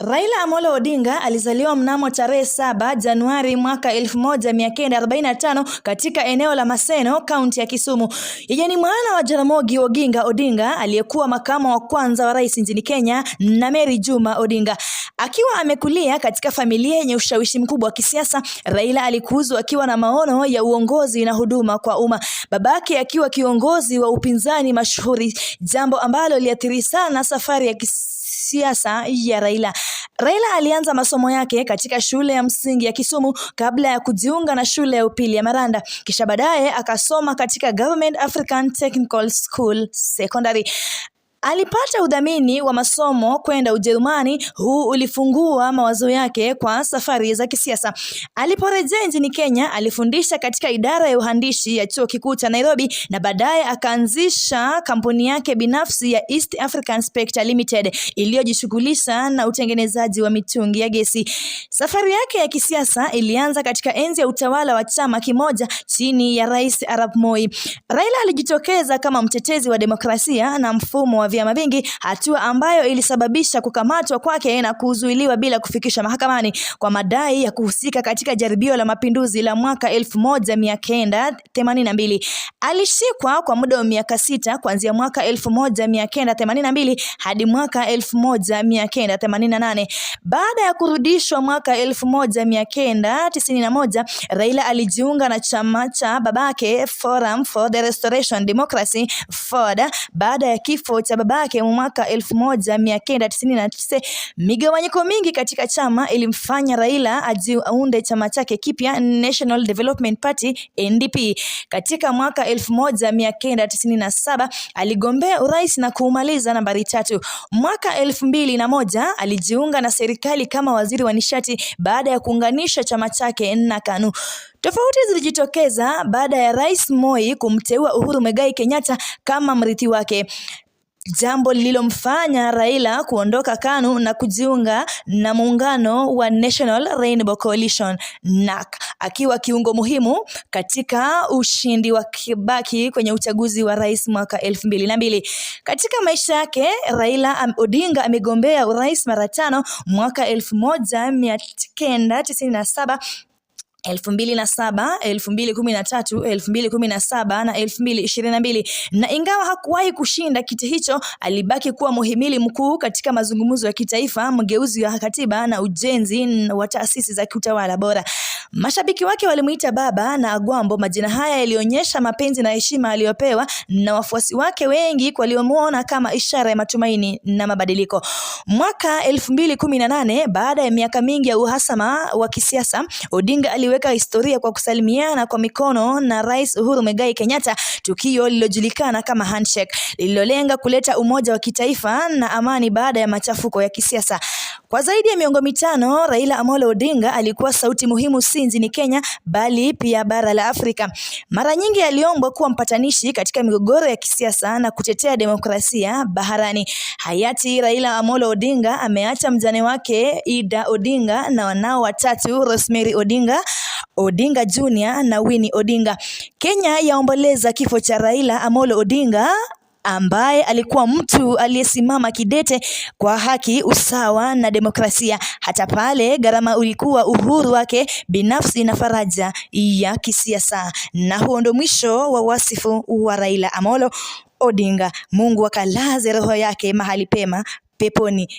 Raila Amolo Odinga alizaliwa mnamo tarehe 7 Januari mwaka 1945 katika eneo la Maseno, kaunti ya Kisumu. Yeye ni mwana wa Jaramogi Oginga Odinga aliyekuwa makamu wa kwanza wa rais nchini Kenya na Mary Juma Odinga. Akiwa amekulia katika familia yenye ushawishi mkubwa wa kisiasa, Raila alikuzwa akiwa na maono ya uongozi na huduma kwa umma. Babake akiwa kiongozi wa upinzani mashuhuri, jambo ambalo liathiri sana safari ya kisiasa siasa ya Raila. Raila alianza masomo yake katika shule ya msingi ya Kisumu kabla ya kujiunga na shule ya upili ya Maranda, kisha baadaye akasoma katika Government African Technical School Secondary. Alipata udhamini wa masomo kwenda Ujerumani. Huu ulifungua mawazo yake kwa safari za kisiasa. Aliporejea nchini Kenya, alifundisha katika idara ya uhandishi ya Chuo Kikuu cha Nairobi na baadaye akaanzisha kampuni yake binafsi ya East African Spectre Limited iliyojishughulisha na utengenezaji wa mitungi ya gesi. Safari yake ya kisiasa ilianza katika enzi ya utawala wa chama kimoja chini ya Rais Arap Moi. Raila alijitokeza kama mtetezi wa demokrasia na mfumo wa vyama vingi, hatua ambayo ilisababisha kukamatwa kwake na kuzuiliwa bila kufikisha mahakamani kwa madai ya kuhusika katika jaribio la mapinduzi la mwaka 1982. Alishikwa kwa muda wa miaka sita kuanzia mwaka 1982 hadi mwaka 1988. Baada ya kurudishwa mwaka 1991, Raila alijiunga na chama cha babake Forum for the Restoration Democracy FORD baada ya kifo cha baba yake mwaka elfu moja mia kenda tisini na tisa. Migawanyiko mingi katika chama ilimfanya Raila ajiunde chama chake kipya National Development Party NDP. Katika mwaka elfu moja mia kenda tisini na saba aligombea urais na kuumaliza nambari tatu. Mwaka elfu mbili na moja alijiunga na serikali kama waziri wa nishati baada ya kuunganisha chama chake na KANU. Tofauti zilijitokeza baada ya Rais Moi kumteua Uhuru Muigai Kenyatta kama mrithi wake jambo lililomfanya Raila kuondoka KANU na kujiunga na muungano wa National Rainbow Coalition NAC, akiwa kiungo muhimu katika ushindi wa Kibaki kwenye uchaguzi wa rais mwaka elfu mbili na mbili. Katika maisha yake, Raila Odinga amegombea urais mara tano mwaka elfu moja mia kenda tisini na saba elfu mbili na saba elfu mbili kumi na tatu elfu mbili kumi na saba na elfu mbili ishirini na mbili na ingawa hakuwahi kushinda kiti hicho, alibaki kuwa muhimili mkuu katika mazungumzo ya kitaifa, mgeuzi wa katiba na ujenzi wa taasisi za kiutawala bora. Mashabiki wake walimuita baba na Agwambo. Majina haya yalionyesha mapenzi na heshima aliyopewa na wafuasi wake wengi waliomuona kama ishara ya matumaini na mabadiliko. Mwaka elfu mbili kumi na nane baada ya miaka mingi ya uhasama wa kisiasa, Odinga aliweka historia kwa kusalimiana kwa mikono na Rais Uhuru Muigai Kenyatta, tukio lililojulikana kama handshake lililolenga kuleta umoja wa kitaifa na amani baada ya machafuko ya kisiasa. Kwa zaidi ya miongo mitano, Raila Amolo Odinga alikuwa sauti muhimu si nchini Kenya bali pia bara la Afrika. Mara nyingi aliombwa kuwa mpatanishi katika migogoro ya kisiasa na kutetea demokrasia baharani. Hayati Raila Amolo Odinga ameacha mjane wake Ida Odinga na wanao watatu Rosemary Odinga Odinga Junior na Winnie Odinga. Kenya yaomboleza kifo cha Raila Amolo Odinga ambaye alikuwa mtu aliyesimama kidete kwa haki, usawa na demokrasia, hata pale gharama ulikuwa uhuru wake binafsi na faraja ya kisiasa. Na huo ndo mwisho wa wasifu wa Raila Amolo Odinga. Mungu akalaze roho yake mahali pema peponi.